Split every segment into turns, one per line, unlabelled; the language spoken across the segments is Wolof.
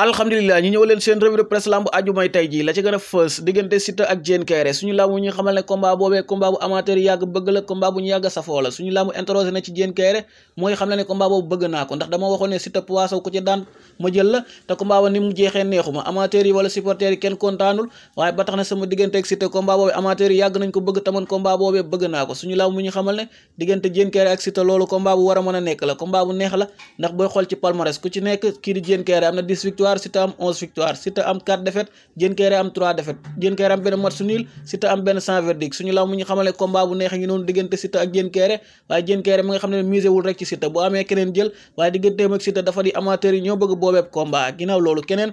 alhamdulilah ñu ñëw leen seen revue de presse lamb aju may tay ji la ci gën a fës diggante Siteu ak Diène Kaïré suñu laamu ñu xamal ne combat bëgg naa ko ndax dama waxoon ne Siteu poisaw ko ci mu wala supporters kenn kontaanul waaye ba na sama diggante ak yàgg nañ ko bëgg tamoon combat boobee bëgg naa ko suñu laamu ñu xamal ne diggante Diène Kaïré ak Siteu loolu combat bu a mën a nekk la combat neex la ndax booy xool ci palmarès ku ci nekk kii di Diène am na 18 victoire Siteu am onze victoire Siteu am quatre défaites Diène am trois défaites Diène am benn match nul Siteu am benn sans verdict suñu law mu ñu xamale combat bu neexee ngi noonu diggante Siteu ak Diène waaye Diène Kaïré mi xam ne misé rek ci Siteu bu amee keneen jël waaye digganteem ak Siteu dafa di amateur yi ñoo bëgg boobeeb combat ginnaaw loolu keneen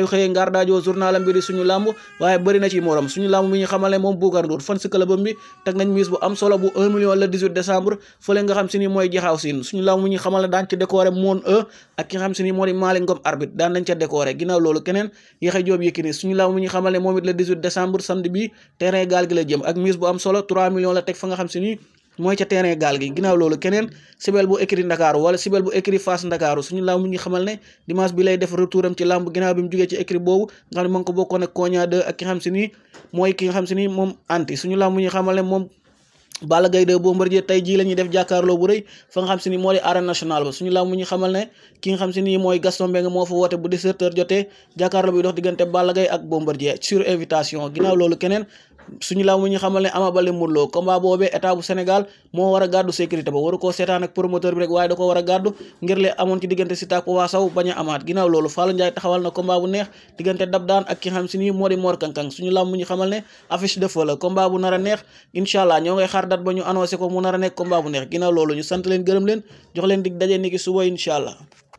yu xëyee ngaar daajoo journalam bi di suñu làmb waaye bëri ci morom suñu làmb moom Boucar fan si clubam bi teg nañ mise bu am solo bu 1 million le 18 décembre fële nga bi ñu xamal e gaal gi la jëm ak mise bu am solo 3 millions la teg fa nga xam si ni mooy ca terrain gaal gi ginnaaw loolu keneen sibel bu écrit ndakaaru wala sibel bu écrit Fass ndakaaru suñu làmb ñu xamal ne dimanche bi lay def retour am ci làmb ginnaaw bi mu jógee ci écrit boobu nga xam ne ma ngi ko bokkoon xam si ni mooy ki moom suñu làmb ñu xamal ne moom Balla Gaye 2 Bombardier tey jii la ñuy def jàkkaarloo bu rëy fa nga xam si ni moo di arène nationale ba suñu làmb ñu xamal ne ki nga xam si ni mooy Gaston Mbengue moo fa woote bu 17h jotee jàkkaarloo bi dox diggante Balla Gaye ak Bombardier sur invitation ginnaaw loolu keneen suñu laamu ñu xamal ne Ama Baldé Modou Lô combat boobee état bu Sénégal moo war a gàddu sécurité ba waru koo seetaan ak promoteur bi rek waaye da ko war a gàddu ngir lee amoon ci diggante Siteu ak Papa Sow bañ a amaat ginnaaw loolu Fallou Ndiaye taxawal na combat bu neex diggante Dab Daan ak ki nga xam si nii moo di Mor Kankang suñu laamu ñu xamal ne affiche de feu la combat bu nar a neex incha allah ñoo ngay xaar date ba ñu annoncé ko mu nar a nekk combat bu neex ginnaaw loolu ñu sant leen gërëm leen jox leen dig daje niki suba incha allah